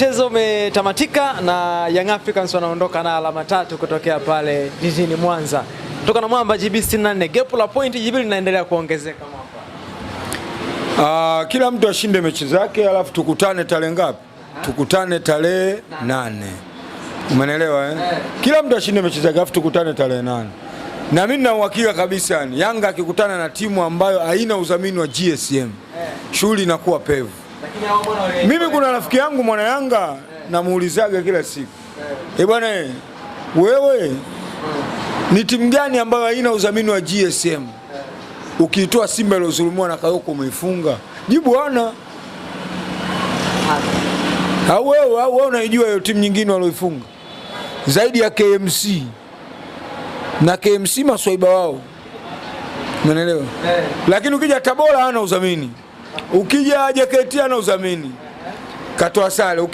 mchezo umetamatika na Young Africans wanaondoka na alama tatu kutokea pale jijini Mwanza. Kutoka na mwamba GB 64, gepu la pointi GB linaendelea kuongezeka mwamba. Uh, kila mtu ashinde mechi zake alafu tukutane tarehe ngapi? Tukutane tarehe nane. Umeelewa eh? eh. Kila mtu ashinde mechi zake alafu tukutane tarehe nane. Na mimi na uhakika kabisa yani Yanga akikutana na timu ambayo haina udhamini wa GSM, eh. shughuli inakuwa pevu. Mimi kuna rafiki yangu mwana Yanga eh. namuulizaga kila siku eh, eh bwana eh, wewe ni timu gani ambayo haina udhamini wa GSM? Ukiitoa Simba iliyodhulumiwa na Kayoko umeifunga, jibu ana Au wewe au wewe unaijua hiyo timu nyingine walioifunga zaidi ya KMC? Na KMC maswaiba wao, umeelewa? Lakini ukija Tabora hana udhamini Ukija JKT ana udhamini, katoa sare. Ukija